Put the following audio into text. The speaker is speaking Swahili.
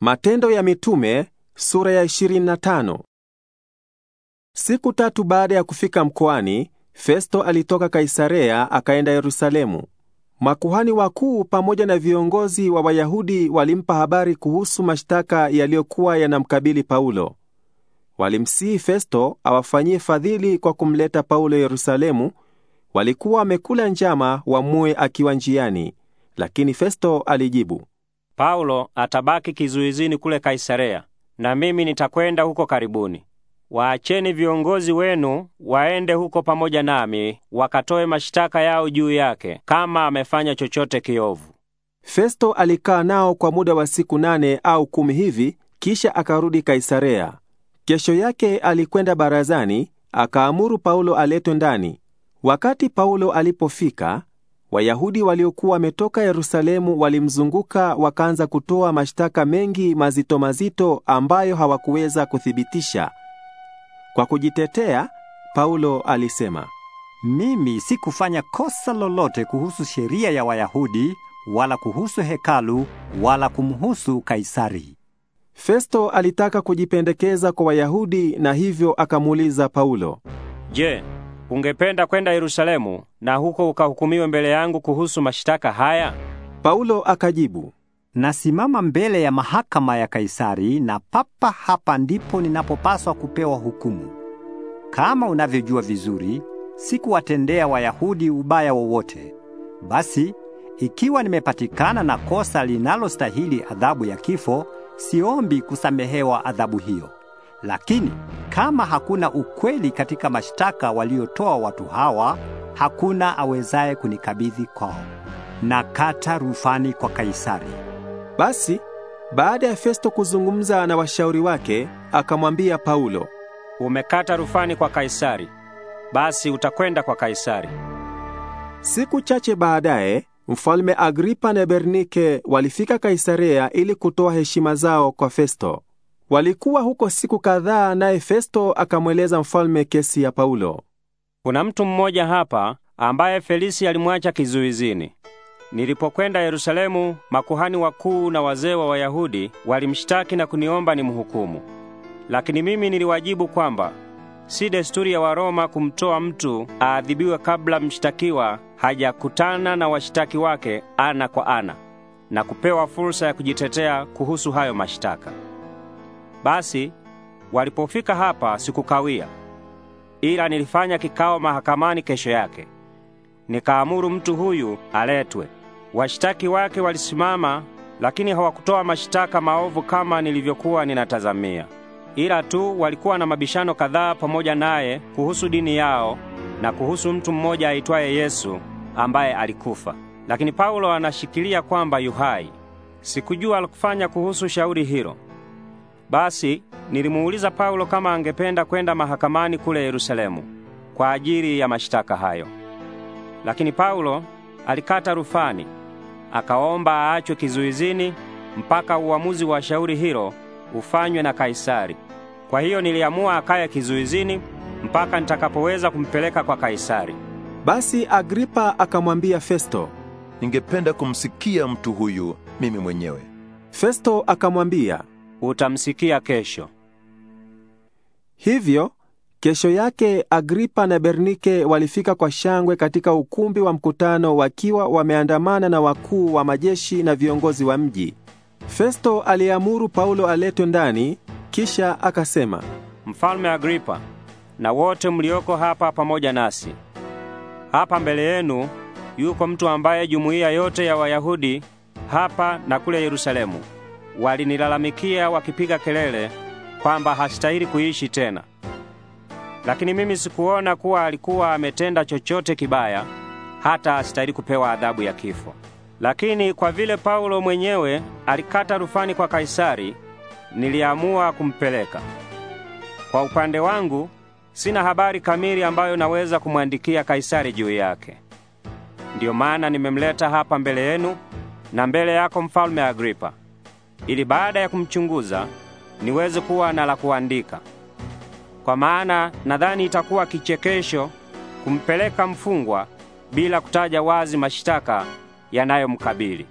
Matendo ya Mitume sura ya 25. Siku tatu baada ya kufika mkoani, Festo alitoka Kaisarea akaenda Yerusalemu. Makuhani wakuu pamoja na viongozi wa Wayahudi walimpa habari kuhusu mashtaka yaliyokuwa yanamkabili Paulo. Walimsihi Festo awafanyie fadhili kwa kumleta Paulo Yerusalemu. Walikuwa wamekula njama wamue akiwa njiani, lakini Festo alijibu, Paulo atabaki kizuizini kule Kaisarea na mimi nitakwenda huko karibuni. Waacheni viongozi wenu waende huko pamoja nami wakatoe mashtaka yao juu yake kama amefanya chochote kiovu. Festo alikaa nao kwa muda wa siku nane au kumi hivi, kisha akarudi Kaisarea. Kesho yake alikwenda barazani, akaamuru Paulo aletwe ndani. Wakati Paulo alipofika, Wayahudi waliokuwa wametoka Yerusalemu walimzunguka wakaanza kutoa mashtaka mengi mazito mazito ambayo hawakuweza kuthibitisha. Kwa kujitetea, Paulo alisema, mimi sikufanya kosa lolote kuhusu sheria ya Wayahudi wala kuhusu hekalu wala kumhusu Kaisari. Festo alitaka kujipendekeza kwa Wayahudi na hivyo akamuuliza Paulo, "Je, ungependa kwenda Yerusalemu na huko ukahukumiwe mbele yangu kuhusu mashitaka haya? Paulo akajibu, nasimama mbele ya mahakama ya Kaisari na papa hapa ndipo ninapopaswa kupewa hukumu. Kama unavyojua vizuri, sikuwatendea Wayahudi ubaya wowote. Basi ikiwa nimepatikana na kosa linalostahili adhabu ya kifo, siombi kusamehewa adhabu hiyo. Lakini kama hakuna ukweli katika mashtaka waliotoa watu hawa, hakuna awezaye kunikabidhi kwao. Nakata rufani kwa Kaisari. Basi baada ya Festo kuzungumza na washauri wake, akamwambia Paulo, umekata rufani kwa Kaisari, basi utakwenda kwa Kaisari. Siku chache baadaye Mfalme Agripa na Bernike walifika Kaisarea ili kutoa heshima zao kwa Festo. Walikuwa huko siku kadhaa, naye Festo akamweleza mfalme kesi ya Paulo. Kuna mtu mmoja hapa ambaye Felisi alimwacha kizuizini. Nilipokwenda Yerusalemu, makuhani wakuu na wazee wa Wayahudi walimshtaki na kuniomba nimhukumu, lakini mimi niliwajibu kwamba si desturi ya Waroma kumtoa mtu aadhibiwe kabla mshtakiwa hajakutana na washtaki wake ana kwa ana na kupewa fursa ya kujitetea kuhusu hayo mashtaka. Basi walipofika hapa sikukawia, ila nilifanya kikao mahakamani kesho yake. Nikaamuru mtu huyu aletwe. Washtaki wake walisimama, lakini hawakutoa mashtaka maovu kama nilivyokuwa ninatazamia, ila tu walikuwa na mabishano kadhaa pamoja naye kuhusu dini yao na kuhusu mtu mmoja aitwaye Yesu ambaye alikufa, lakini Paulo anashikilia kwamba yuhai. hai. Sikujua alikufanya kuhusu shauri hilo. Basi nilimuuliza Paulo kama angependa kwenda mahakamani kule Yerusalemu kwa ajili ya mashtaka hayo. Lakini Paulo alikata rufani, akaomba aachwe kizuizini mpaka uamuzi wa shauri hilo ufanywe na Kaisari. Kwa hiyo niliamua akaye kizuizini mpaka nitakapoweza kumpeleka kwa Kaisari. Basi Agripa akamwambia Festo, ningependa kumsikia mtu huyu mimi mwenyewe. Festo akamwambia utamsikia kesho. Hivyo kesho yake Agripa na Bernike walifika kwa shangwe katika ukumbi wa mkutano wakiwa wameandamana na wakuu wa majeshi na viongozi wa mji. Festo aliamuru Paulo aletwe ndani, kisha akasema, Mfalme Agripa na wote mlioko hapa pamoja nasi, hapa mbele yenu yuko mtu ambaye jumuiya yote ya Wayahudi hapa na kule Yerusalemu walinilalamikia wakipiga kelele kwamba hastahili kuishi tena, lakini mimi sikuona kuwa alikuwa ametenda chochote kibaya hata hastahili kupewa adhabu ya kifo. Lakini kwa vile Paulo mwenyewe alikata rufani kwa Kaisari, niliamua kumpeleka. Kwa upande wangu, sina habari kamili ambayo naweza kumwandikia Kaisari juu yake. Ndiyo maana nimemleta hapa mbele yenu na mbele yako Mfalme Agripa ili baada ya kumchunguza niweze kuwa na la kuandika, kwa maana nadhani itakuwa kichekesho kumpeleka mfungwa bila kutaja wazi mashtaka yanayomkabili.